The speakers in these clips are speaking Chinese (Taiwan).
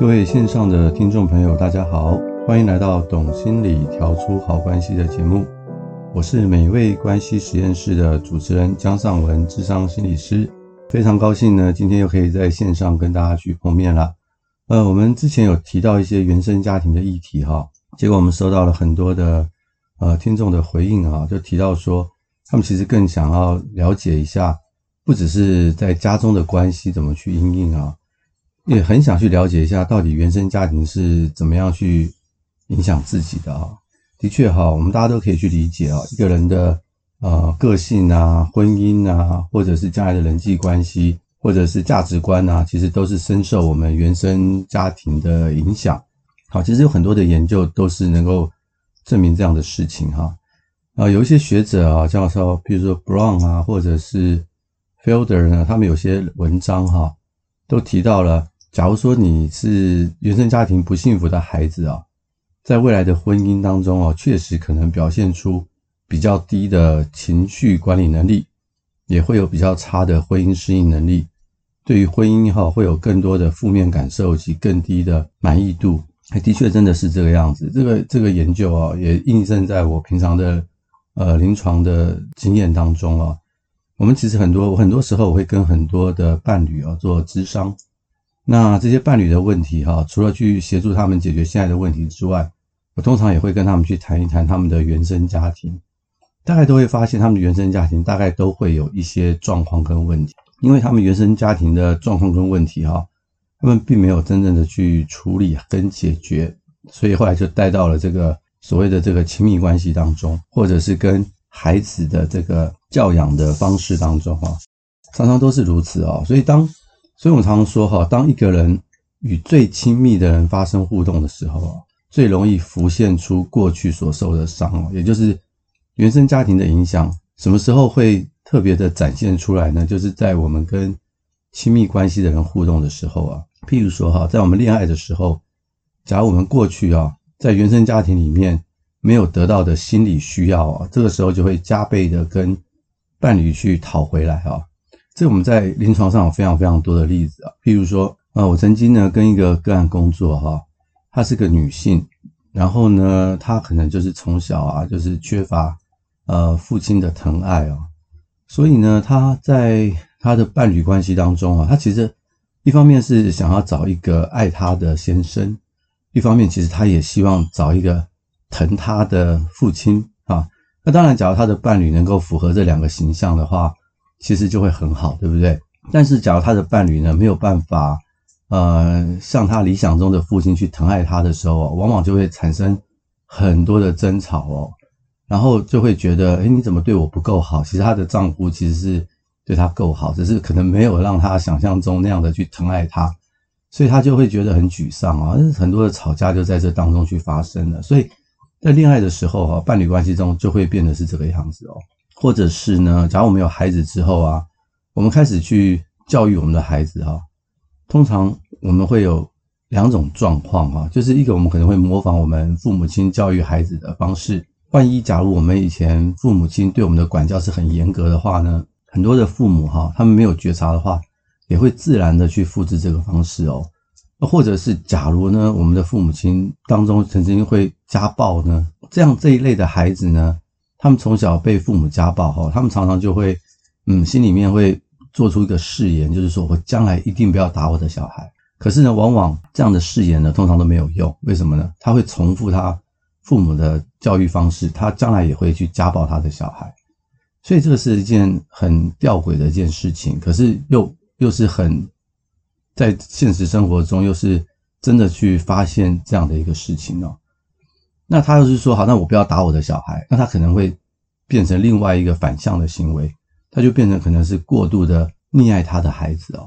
各位線上的聽眾朋友，大家好，歡迎來到《懂心理調出好關係》的節目，我是每位關係實驗室的主持人姜尚文，諮商心理師，非常高興呢，今天又可以在線上跟大家去碰面了。呃，我們之前有提到一些原生家庭的議題哈，結果我們收到了很多的呃聽眾的回應哈，就提到說他們其實更想要了解一下，不只是在家中的關係怎麼去因應啊。也很想去了解一下，到底原生家庭是怎麼樣去影響自己的啊、哦？的確哈、哦，我們大家都可以去理解啊、哦。一個人的呃個性啊、婚姻啊，或者是將來的人際關係，或者是價值觀啊，其實都是深受我們原生家庭的影響。好，其實有很多的研究都是能夠證明這樣的事情哈。啊，有一些學者啊，教授，比如說 Brown 啊，或者是 Falcke 呢，他們有些文章哈、啊，都提到了。假如說你是原生家庭不幸福的孩子啊，在未來的婚姻當中啊，確實可能表現出比較低的情緒管理能力，也會有比較差的婚姻適應能力，對於婚姻哈會有更多的負面感受及更低的滿意度。的確，真的是這個樣子。這個這個研究啊，也印證在我平常的呃臨床的經驗當中啊，我們其實很多，我很多時候我會跟很多的伴侶啊做諮商。那這些伴侶的問題哈，除了去協助他們解決現在的問題之外，我通常也會跟他們去談一談他們的原生家庭，大概都會發現他們的原生家庭大概都會有一些狀況跟問題，因為他們原生家庭的狀況跟問題哈，他們並沒有真正的去處理跟解決，所以後來就帶到了這個所謂的這個親密關係當中，或者是跟孩子的這個教養的方式當中哈，常常都是如此啊，所以當。所以，我們常常說，哈，當一個人與最親密的人發生互動的時候啊，最容易浮現出過去所受的傷，也就是原生家庭的影響。什麼時候會特別的展現出來呢？就是在我們跟親密關係的人互動的時候啊，譬如說，哈，在我們戀愛的時候，假如我們過去啊，在原生家庭裡面沒有得到的心理需要啊，這個時候就會加倍的跟伴侶去討回來，這我們在臨床上有非常非常多的例子啊，譬如說，呃，我曾經呢跟一個個案工作哈，哦，她是個女性，然後呢，她可能就是從小啊，就是缺乏呃父親的疼愛哦，所以呢，她在她的伴侶關係當中啊，她其實一方面是想要找一個愛她的先生，一方面其實她也希望找一個疼她的父親啊。那當然，假如她的伴侶能夠符合這兩個形象的話，其實就會很好，對不對？但是，假如他的伴侶呢沒有辦法，呃，像他理想中的父親去疼愛她的時候，往往就會產生很多的爭吵哦。然後就會覺得，哎，你怎麼對我不夠好？其實她的丈夫其實是對她夠好，只是可能沒有讓她想象中那樣的去疼愛她，所以她就會覺得很沮喪啊。很多的吵架就在這當中去發生了。所以在戀愛的時候，啊，伴侶關係中就會變得是這個樣子哦。或者是呢，假如我們有孩子之後啊，我們開始去教育我們的孩子啊，通常我們會有兩種狀況啊，就是一個我們可能會模仿我們父母親教育孩子的方式。萬一假如我們以前父母親對我們的管教是很嚴格的話呢，很多的父母哈，他們沒有覺察的話，也會自然的去複製這個方式哦。那或者是假如呢，我們的父母親當中曾經會家暴呢，這樣這一類的孩子呢？他們從小被父母家暴後，他們常常就會，嗯，心裡面會做出一個誓言，就是說我將來一定不要打我的小孩。可是呢，往往這樣的誓言呢，通常都沒有用。為什麼呢？他會重複他父母的教育方式，他將來也會去家暴他的小孩。所以這個是一件很弔詭的一件事情，可是又又是很在現實生活中又是真的去發現這樣的一個事情哦。那他要是說好，那我不要打我的小孩，那他可能會變成另外一個反向的行為，他就變成可能是過度的溺愛他的孩子哦，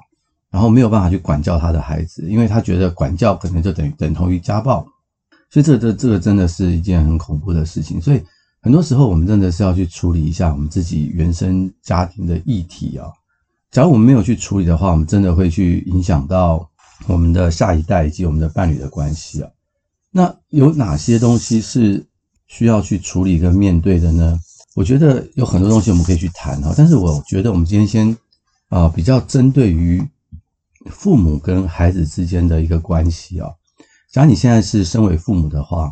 然後沒有辦法去管教他的孩子，因為他覺得管教可能就等於等同於家暴，所以這這這個真的是一件很恐怖的事情。所以很多時候我們真的是要去處理一下我們自己原生家庭的議題啊、哦。假如我們沒有去處理的話，我們真的會去影響到我們的下一代以及我們的伴侶的關係啊、哦。那有哪些東西是需要去處理跟面對的呢？我覺得有很多東西我們可以去談哈。但是我覺得我們今天先啊、呃，比較針對於父母跟孩子之間的一個關係啊、哦。假如你現在是身為父母的話，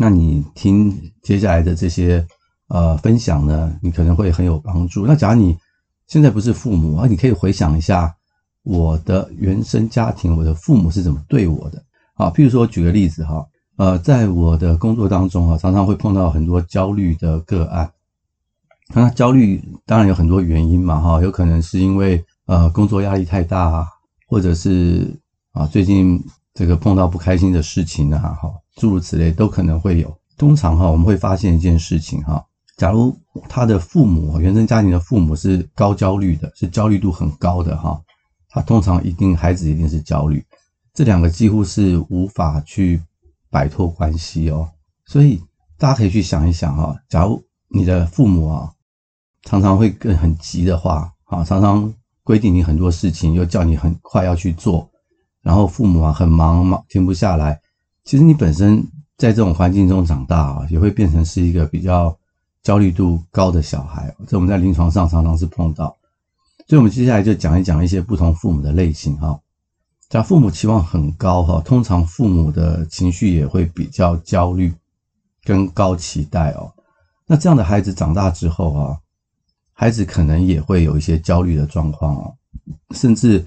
那你聽接下來的這些呃分享呢，你可能會很有幫助。那假如你現在不是父母啊，你可以回想一下我的原生家庭，我的父母是怎麼對我的啊。譬如說，舉個例子哈。呃，在我的工作當中啊，常常會碰到很多焦慮的個案。那焦慮當然有很多原因嘛，哈，有可能是因為呃工作壓力太大啊，或者是啊最近這個碰到不開心的事情啊，哈，諸如此類都可能會有。通常哈，我們會發現一件事情哈，假如他的父母，原生家庭的父母是高焦慮的，是焦慮度很高的哈，他通常一定，孩子一定是焦慮，這兩個幾乎是無法去。擺脫關係哦，所以大家可以去想一想哈、哦，假如你的父母啊常常會跟很急的話啊，常常規定你很多事情，又叫你很快要去做，然後父母啊很忙忙停不下來，其實你本身在這種環境中長大啊，也會變成是一個比較焦慮度高的小孩，這我們在臨床上常常是碰到，所以我們接下來就講一講一些不同父母的類型哈、哦。像父母期望很高哈，通常父母的情緒也會比較焦慮跟高期待哦。那這樣的孩子長大之後啊，孩子可能也會有一些焦慮的狀況哦。甚至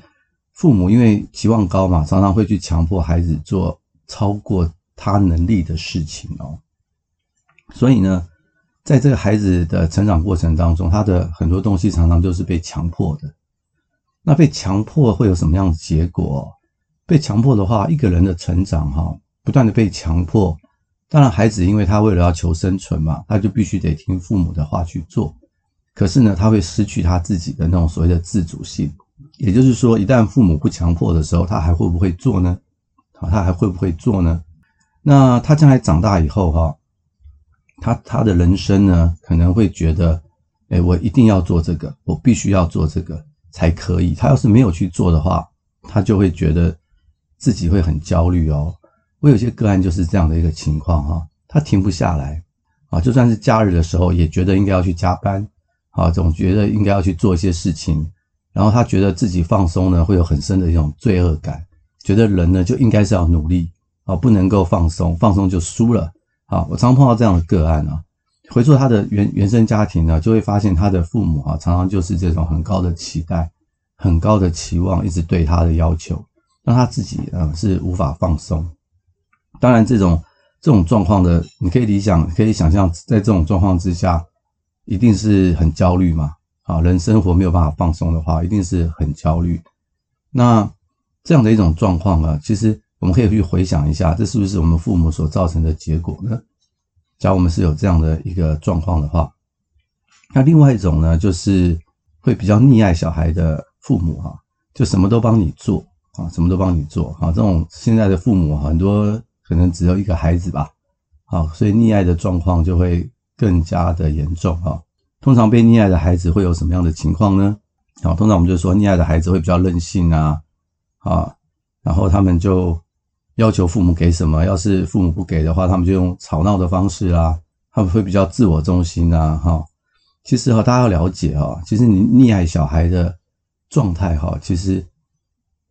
父母因為期望高嘛，常常會去強迫孩子做超過他能力的事情哦。所以呢，在這個孩子的成長過程當中，他的很多東西常常都是被強迫的。那被強迫會有什麼樣的結果？被強迫的話，一個人的成長哈，不斷的被強迫。當然，孩子因為他為了要求生存嘛，他就必須得聽父母的話去做。可是呢，他會失去他自己的那種所謂的自主性。也就是說，一旦父母不強迫的時候，他還會不會做呢？啊，他還會不會做呢？那他將來長大以後哈，他他的人生呢，可能會覺得，欸，我一定要做這個，我必須要做這個。才可以。他要是沒有去做的話，他就會覺得自己會很焦慮哦。我有些個案就是這樣的一個情況哈，他停不下來啊，就算是假日的時候也覺得應該要去加班啊，總覺得應該要去做一些事情。然後他覺得自己放鬆呢，會有很深的一種罪惡感，覺得人呢就應該是要努力啊，不能夠放鬆，放鬆就輸了。啊。我常常碰到這樣的個案啊。回溯他的原原生家庭呢，啊，就會發現他的父母啊，常常就是這種很高的期待，很高的期望，一直對他的要求，讓他自己啊是無法放鬆。當然，這種這種狀況的，你可以理想可以想象，在這種狀況之下，一定是很焦慮嘛。啊，人生活沒有辦法放鬆的話，一定是很焦慮。那這樣的一種狀況啊，其實我們可以去回想一下，這是不是我們父母所造成的結果呢？假如我們是有這樣的一個狀況的話，那另外一種呢，就是會比較溺愛小孩的父母哈，就什麼都幫你做啊，什麼都幫你做啊。這種現在的父母很多可能只有一個孩子吧，啊，所以溺愛的狀況就會更加的嚴重啊。通常被溺愛的孩子會有什麼樣的情況呢？啊，通常我們就說溺愛的孩子會比較任性啊，啊，然後他們就。要求父母給什麼，要是父母不給的話，他們就用吵鬧的方式啦、啊。他們會比較自我中心啊，哈。其實哈、哦，大家要了解哈、哦，其實你溺愛小孩的狀態哈、哦，其實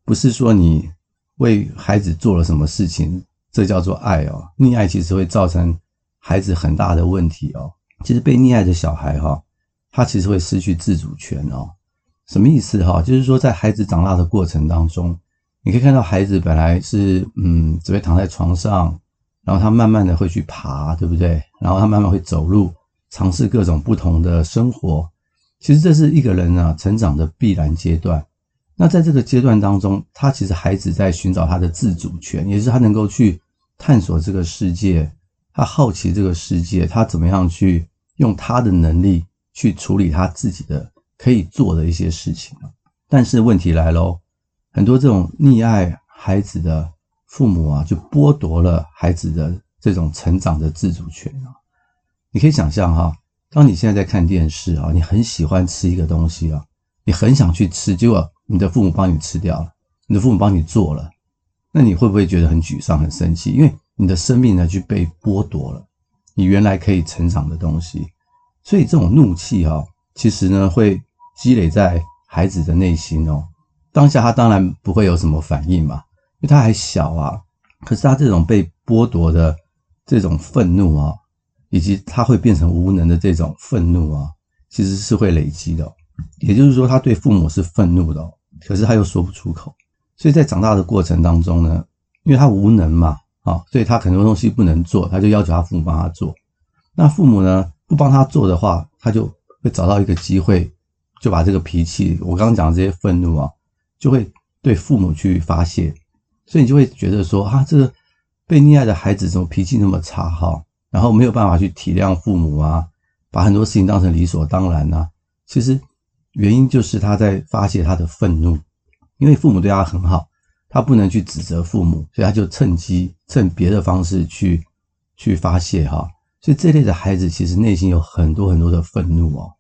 不是說你為孩子做了什麼事情，這叫做愛哦。溺愛其實會造成孩子很大的問題哦。其實被溺愛的小孩哈、哦，他其實會失去自主權哦。什麼意思哈、哦？就是說在孩子長大的過程當中。你可以看到，孩子本來是嗯，只會躺在床上，然後他慢慢的會去爬，對不對？然後他慢慢會走路，嘗試各種不同的生活。其實這是一個人啊，成長的必然階段。那在這個階段當中，他其實孩子在尋找他的自主權，也是他能夠去探索這個世界，他好奇這個世界，他怎麼樣去用他的能力去處理他自己的可以做的一些事情。但是問題來嘍。很多這種溺愛孩子的父母啊，就剝奪了孩子的這種成長的自主權啊。你可以想象哈、啊，當你現在在看電視啊，你很喜歡吃一個東西啊，你很想去吃，結果你的父母幫你吃掉了，你的父母幫你做了，那你會不會覺得很沮喪、很生氣？因為你的生命呢就被剝奪了，你原來可以成長的東西，所以這種怒氣哈、啊，其實呢會積累在孩子的內心哦。當下他當然不會有什麼反應嘛，因為他還小啊。可是他這種被剝奪的這種憤怒啊，以及他會變成無能的這種憤怒啊，其實是會累積的哦。也就是說，他對父母是憤怒的哦，可是他又說不出口。所以在長大的過程當中呢，因為他無能嘛，啊，哦，所以他很多東西不能做，他就要求他父母幫他做。那父母呢不幫他做的話，他就會找到一個機會，就把這個脾氣，我剛剛講的這些憤怒啊。就會對父母去發泄，所以你就會覺得說啊，這個被溺愛的孩子怎麼脾氣那麼差哈，然後沒有辦法去體諒父母啊，把很多事情當成理所當然啊，其實原因就是他在發泄他的憤怒，因為父母對他很好，他不能去指責父母，所以他就趁機趁別的方式去去發泄哈。所以這類的孩子其實內心有很多很多的憤怒哦，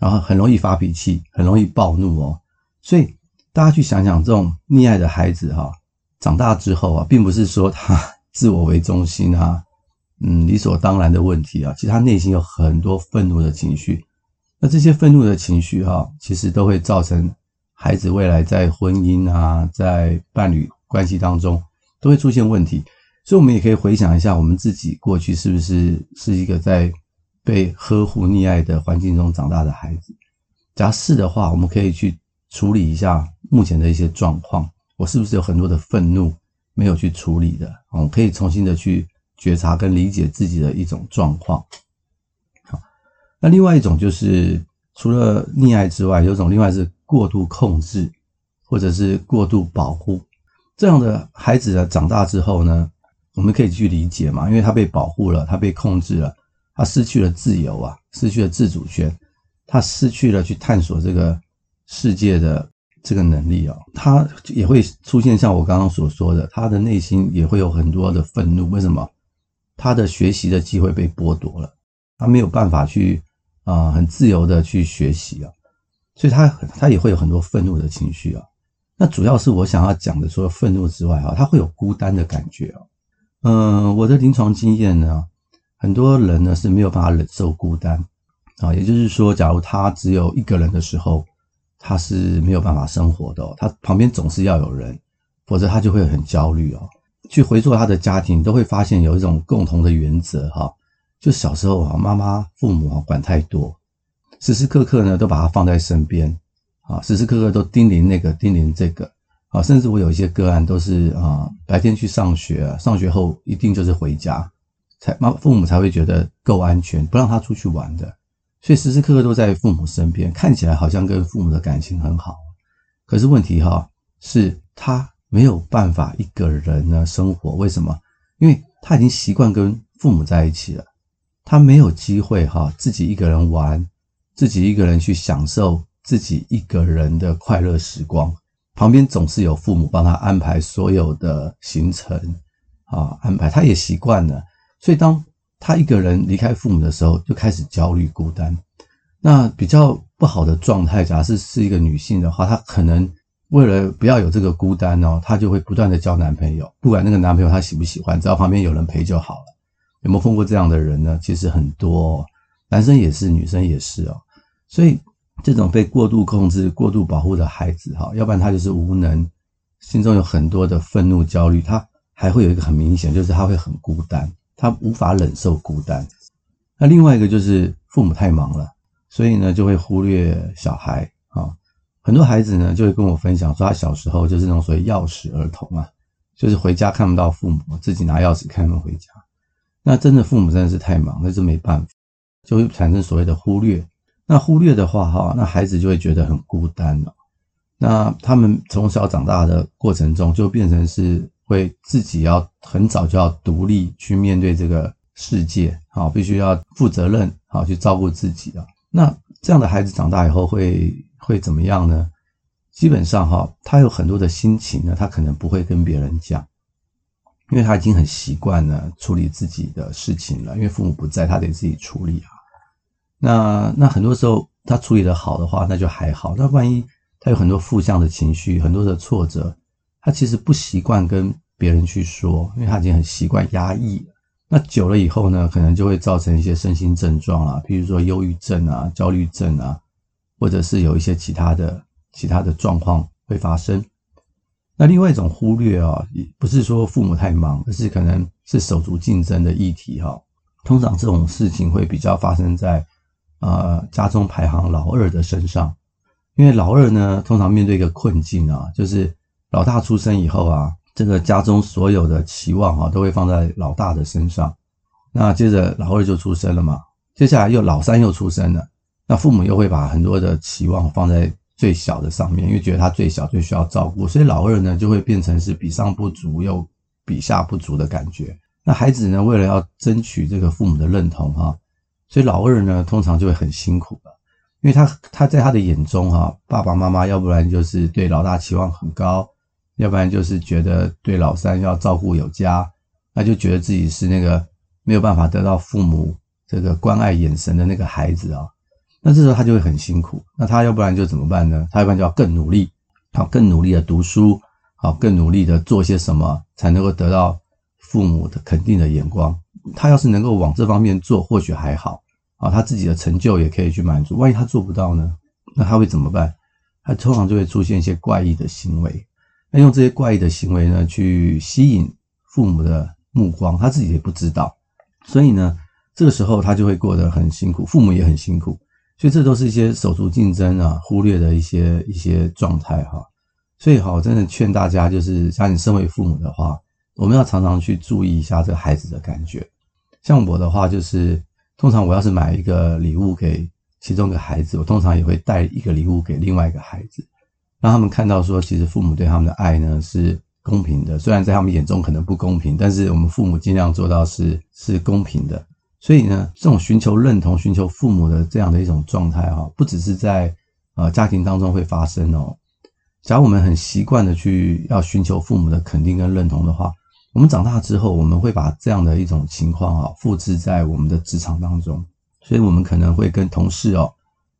然後很容易發脾氣，很容易暴怒哦，所以。大家去想想，這種溺愛的孩子哈、啊，長大之後啊，並不是說他自我為中心啊，嗯，理所當然的問題啊，其實他內心有很多憤怒的情緒。那這些憤怒的情緒哈、啊，其實都會造成孩子未來在婚姻啊，在伴侶關係當中都會出現問題。所以，我們也可以回想一下，我們自己過去是不是是一個在被呵護溺愛的環境中長大的孩子？假如是的話，我們可以去處理一下。目前的一些狀況，我是不是有很多的憤怒沒有去處理的，我我們可以重新的去覺察跟理解自己的一種狀況。好，那另外一種就是除了溺愛之外，有種另外是過度控制或者是過度保護這樣的孩子呢，長大之後呢，我們可以去理解嘛？因為他被保護了，他被控制了，他失去了自由啊，失去了自主權，他失去了去探索這個世界的這個能力啊，他也會出現像我剛剛所說的，他的內心也會有很多的憤怒。為什麼？他的學習的機會被剝奪了，他沒有辦法去啊、呃，很自由的去學習啊，所以他他也會有很多憤怒的情緒啊。那主要是我想要講的，除了憤怒之外啊，他會有孤單的感覺啊。嗯、呃，我的臨床經驗呢，很多人呢是沒有辦法忍受孤單啊，也就是說，假如他只有一個人的時候。他是沒有辦法生活的，他旁邊總是要有人，否則他就會很焦慮哦。去回溯他的家庭，都會發現有一種共同的原則哈，就小時候啊，媽媽、父母啊管太多，時時刻刻呢都把他放在身邊啊，時時刻刻都叮嚀那個、叮嚀這個啊，甚至我有一些個案都是啊，白天去上學，上學後一定就是回家，才媽父母才會覺得夠安全，不讓他出去玩的。所以時時刻刻都在父母身邊，看起來好像跟父母的感情很好，可是問題哈是，他沒有辦法一個人呢生活。為什麼？因為他已經習慣跟父母在一起了，他沒有機會哈自己一個人玩，自己一個人去享受自己一個人的快樂時光，旁邊總是有父母幫他安排所有的行程啊，安排他也習慣了，所以當他一個人離開父母的時候，就開始焦慮、孤單。那比較不好的狀態，假設是一個女性的話，她可能為了不要有這個孤單哦，她就會不斷的交男朋友，不管那個男朋友她喜不喜歡，只要旁邊有人陪就好了。有沒有碰過這樣的人呢？其實很多哦，男生也是，女生也是哦。所以這種被過度控制、過度保護的孩子，哈，要不然他就是無能，心中有很多的憤怒、焦慮，他還會有一個很明顯，就是他會很孤單。他無法忍受孤單。那另外一個就是父母太忙了，所以呢就會忽略小孩啊。很多孩子呢就會跟我分享說，他小時候就是那種所謂鑰匙兒童啊，就是回家看不到父母，自己拿鑰匙開門回家。那真的父母真的是太忙，那是沒辦法，就會產生所謂的忽略。那忽略的話哈，那孩子就會覺得很孤單了。那他們從小長大的過程中，就變成是。會自己要很早就要獨立去面對這個世界，好，必須要負責任，好，去照顧自己的。那這樣的孩子長大以後會會怎麼樣呢？基本上哈，他有很多的心情呢，他可能不會跟別人講，因為他已經很習慣了處理自己的事情了。因為父母不在，他得自己處理啊。那那很多時候他處理的好的話，那就還好。那萬一他有很多負向的情緒，很多的挫折。他其實不習慣跟別人去說，因為他已經很習慣壓抑。那久了以後呢，可能就會造成一些身心症狀啊，比如說憂鬱症啊、焦慮症啊，或者是有一些其他的其他的狀況會發生。那另外一種忽略啊，也不是說父母太忙，而是可能是手足競爭的議題哈。通常這種事情會比較發生在呃家中排行老二的身上，因為老二呢，通常面對一個困境啊，就是。老大出生以後啊，這個家中所有的期望啊，都會放在老大的身上。那接着老二就出生了嘛，接下來又老三又出生了，那父母又會把很多的期望放在最小的上面，因為覺得他最小最需要照顧，所以老二呢就會變成是比上不足又比下不足的感覺。那孩子呢，為了要爭取這個父母的認同哈、啊，所以老二呢通常就會很辛苦的，因為他他在他的眼中哈、啊，爸爸媽媽要不然就是對老大期望很高。要不然就是覺得對老三要照顧有加，那就覺得自己是那個沒有辦法得到父母這個關愛眼神的那個孩子啊、哦。那這時候他就會很辛苦。那他要不然就怎麼辦呢？他一般就要更努力，好更努力的讀書，好更努力的做些什麼才能夠得到父母的肯定的眼光。他要是能夠往這方面做，或許還好啊。他自己的成就也可以去滿足。萬一他做不到呢？那他會怎麼辦？他通常就會出現一些怪異的行為。用這些怪異的行為呢，去吸引父母的目光，他自己也不知道。所以呢，這個時候他就會過得很辛苦，父母也很辛苦。所以這都是一些手足競爭啊，忽略的一些一些狀態哈。所以好，我真的勸大家，就是像你身為父母的話，我們要常常去注意一下這個孩子的感覺。像我的話，就是通常我要是買一個禮物給其中一個孩子，我通常也會帶一個禮物給另外一個孩子。讓他們看到說，其實父母對他們的愛呢，是公平的，雖然在他們眼中可能不公平，但是我們父母盡量做到是是公平的。所以呢，這種尋求認同、尋求父母的這樣的一種狀態啊，不只是在呃家庭當中會發生哦。假如我們很習慣的去要尋求父母的肯定跟認同的話，我們長大之後，我們會把這樣的一種情況啊複製在我們的職場當中。所以，我們可能會跟同事哦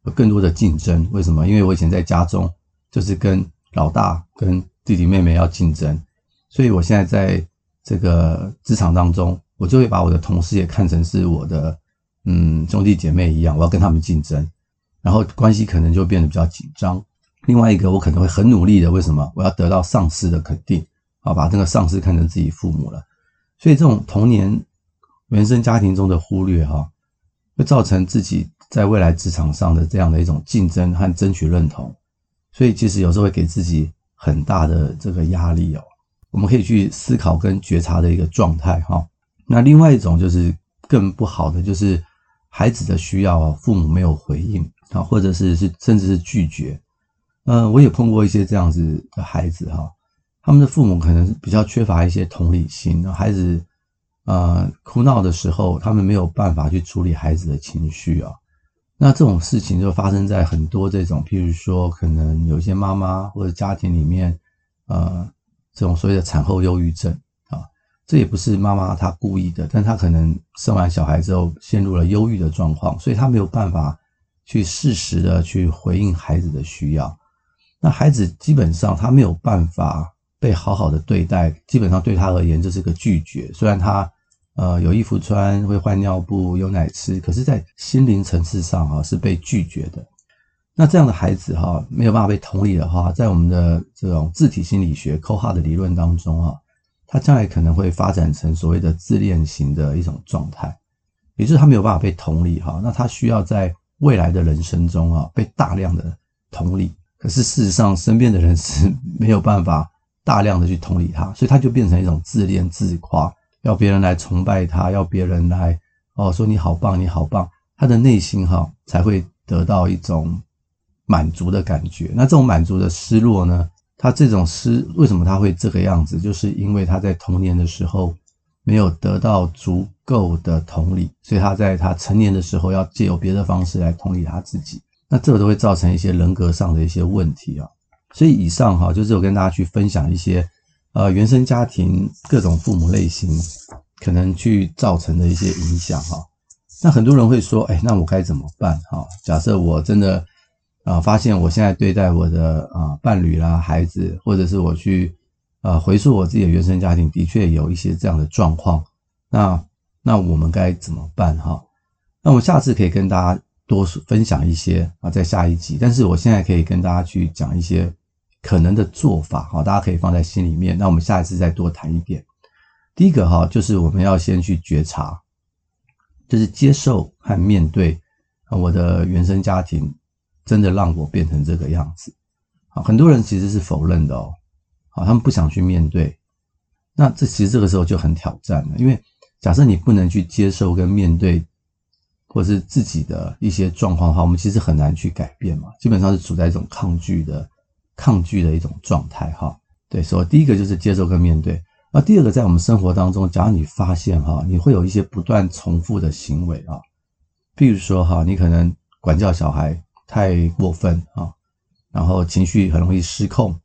有更多的競爭。為什麼？因為我以前在家中。就是跟老大、跟弟弟妹妹要競爭，所以我現在在這個職場當中，我就會把我的同事也看成是我的，嗯，兄弟姐妹一樣，我要跟他們競爭，然後關係可能就變得比較緊張。另外一個，我可能會很努力的，為什麼？我要得到上司的肯定啊，把那個上司看成自己父母了。所以這種童年原生家庭中的忽略哈，會造成自己在未來職場上的這樣的一種競爭和爭取認同。所以其實有時候會給自己很大的這個壓力哦。我們可以去思考跟覺察的一個狀態哈。那另外一種就是更不好的就是孩子的需要哦，父母沒有回應啊，或者是是甚至是拒絕。嗯，我也碰過一些這樣子的孩子哈，他們的父母可能是比較缺乏一些同理心，孩子啊哭鬧的時候，他們沒有辦法去處理孩子的情緒啊。那這種事情就發生在很多這種，譬如說，可能有些媽媽或者家庭裡面，呃，這種所謂的產後憂鬱症啊，這也不是媽媽她故意的，但她可能生完小孩之後陷入了憂鬱的狀況，所以她沒有辦法去適時的去回應孩子的需要。那孩子基本上他沒有辦法被好好的對待，基本上對他而言這是個拒絕，雖然他。呃，有衣服穿，會換尿布，有奶吃，可是，在心靈層次上哈、啊，是被拒絕的。那這樣的孩子哈、啊，沒有辦法被同理的話，在我們的這種自體心理學扣哈的理論當中啊，他將來可能會發展成所謂的自戀型的一種狀態，也就是他沒有辦法被同理哈、啊。那他需要在未來的人生中啊，被大量的同理，可是事實上，身邊的人是沒有辦法大量的去同理他，所以他就變成一種自戀自誇。要別人來崇拜他，要別人來哦，說你好棒，你好棒，他的內心哈、哦、才會得到一種滿足的感覺。那這種滿足的失落呢？他這種失，為什麼他會這個樣子？就是因為他在童年的時候沒有得到足夠的同理，所以他在他成年的時候要借由別的方式來同理他自己。那這個都會造成一些人格上的一些問題啊、哦。所以以上哈、哦、就是我跟大家去分享一些。呃，原生家庭各種父母類型可能去造成的一些影響哈、哦。那很多人會說，哎，那我該怎麼辦哈？假設我真的啊、呃，發現我現在對待我的啊、呃、伴侶啦、孩子，或者是我去啊、呃、回溯我自己的原生家庭，的確有一些這樣的狀況。那那我們該怎麼辦哈、哦？那我下次可以跟大家多分享一些啊，在下一集。但是我現在可以跟大家去講一些。可能的做法好，大家可以放在心裡面。那我們下一次再多談一點。第一個哈，就是我們要先去覺察，就是接受和面對我的原生家庭，真的讓我變成這個樣子。很多人其實是否認的哦，好，他們不想去面對。那這其實這個時候就很挑戰了，因為假設你不能去接受跟面對，或是自己的一些狀況的話，我們其實很難去改變嘛。基本上是處在一種抗拒的。抗拒的一種狀態，哈，對。所以第一個就是接受跟面對。那第二個，在我們生活當中，假如你發現哈，你會有一些不斷重複的行為啊，比如說哈，你可能管教小孩太過分啊，然後情緒很容易失控。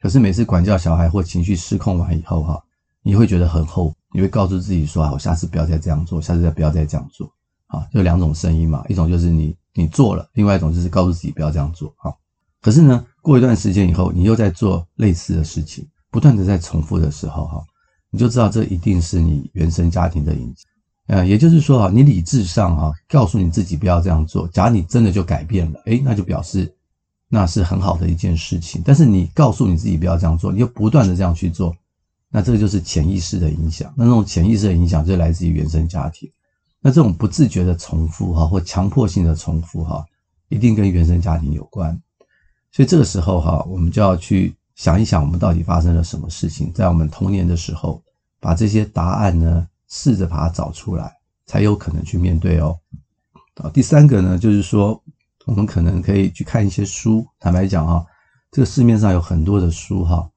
可是每次管教小孩或情緒失控完以後哈，你會覺得很後悔，你會告訴自己說啊，我下次不要再這樣做，下次再不要再這樣做啊。就兩種聲音嘛，一種就是你你做了，另外一種就是告訴自己不要這樣做啊。可是呢，過一段時間以後，你又在做類似的事情，不斷的在重複的時候，哈，你就知道這一定是你原生家庭的影響。呃，也就是說，哈，你理智上，哈，告訴你自己不要這樣做。假如你真的就改變了，誒、欸，那就表示那是很好的一件事情。但是你告訴你自己不要這樣做，你又不斷的這樣去做，那這個就是潛意識的影響。那這種潛意識的影響就來自於原生家庭。那這種不自覺的重複，哈，或強迫性的重複，哈，一定跟原生家庭有關。所以這個時候哈，我們就要去想一想，我們到底發生了什麼事情。在我們童年的時候，把這些答案呢，試着把它找出來，才有可能去面對哦。啊，第三個呢，就是說，我們可能可以去看一些書。坦白講啊，這個市面上有很多的書哈，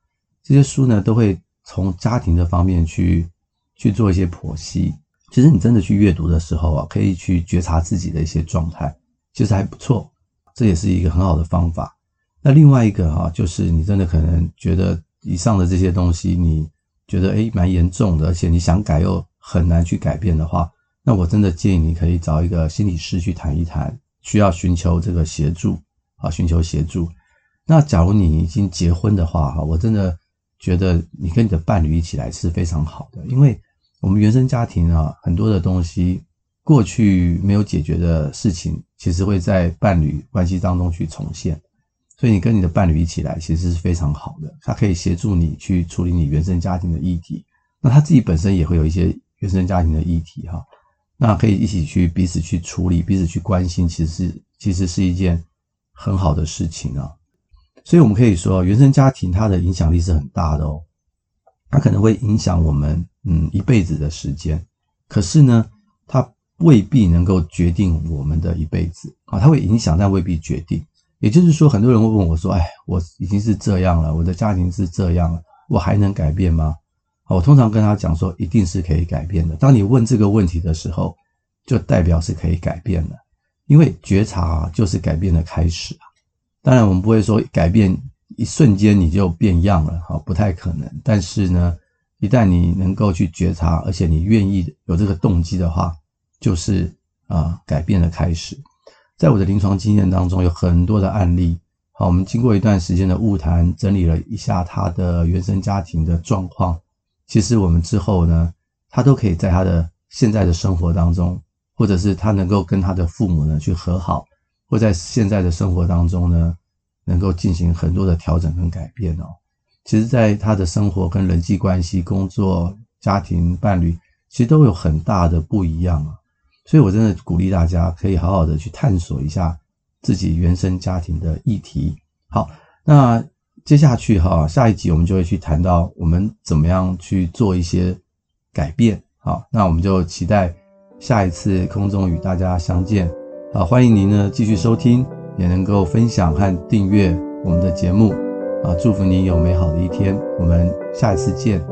這些書呢，都會從家庭這方面去去做一些剖析。其實你真的去閱讀的時候啊，可以去覺察自己的一些狀態，其實還不錯，這也是一個很好的方法。那另外一個哈，就是你真的可能覺得以上的這些東西，你覺得誒蠻嚴重的，而且你想改又很難去改變的話，那我真的建議你可以找一個心理師去談一談，需要尋求這個協助啊，尋求協助。那假如你已經結婚的話哈，我真的覺得你跟你的伴侶一起來是非常好的，因為我們原生家庭啊，很多的東西過去沒有解決的事情，其實會在伴侶關係當中去重現。所以你跟你的伴侶一起來，其實是非常好的。他可以協助你去處理你原生家庭的議題，那他自己本身也會有一些原生家庭的議題哈，那可以一起去彼此去處理、彼此去關心，其實是，其實是一件很好的事情啊。所以我們可以說，原生家庭它的影響力是很大的哦，它可能會影響我們嗯一輩子的時間，可是呢，它未必能夠決定我們的一輩子啊，它會影響，但未必決定。也就是說，很多人會問我說：“哎，我已經是這樣了，我的家庭是這樣了，我還能改變嗎？”我通常跟他講說：“一定是可以改變的。”當你問這個問題的時候，就代表是可以改變了。因為覺察就是改變的開始啊。當然，我們不會說改變一瞬間你就變樣了，好，不太可能。但是呢，一旦你能夠去覺察，而且你願意有這個動機的話，就是啊、呃，改變的開始。在我的臨床經驗當中，有很多的案例。好，我們經過一段時間的晤談，整理了一下他的原生家庭的狀況。其實我們之後呢，他都可以在他的現在的生活當中，或者是他能夠跟他的父母呢去和好，或在現在的生活當中呢，能夠進行很多的調整跟改變哦。其實，在他的生活跟人際關係、工作、家庭、伴侶，其實都有很大的不一樣啊。所以，我真的鼓勵大家可以好好的去探索一下自己原生家庭的議題。好，那接下去哈、啊，下一集我們就會去談到我們怎麼樣去做一些改變。好，那我們就期待下一次空中與大家相見。好，歡迎您呢繼續收聽，也能夠分享和訂閱我們的節目。啊，祝福您有美好的一天。我們下一次見。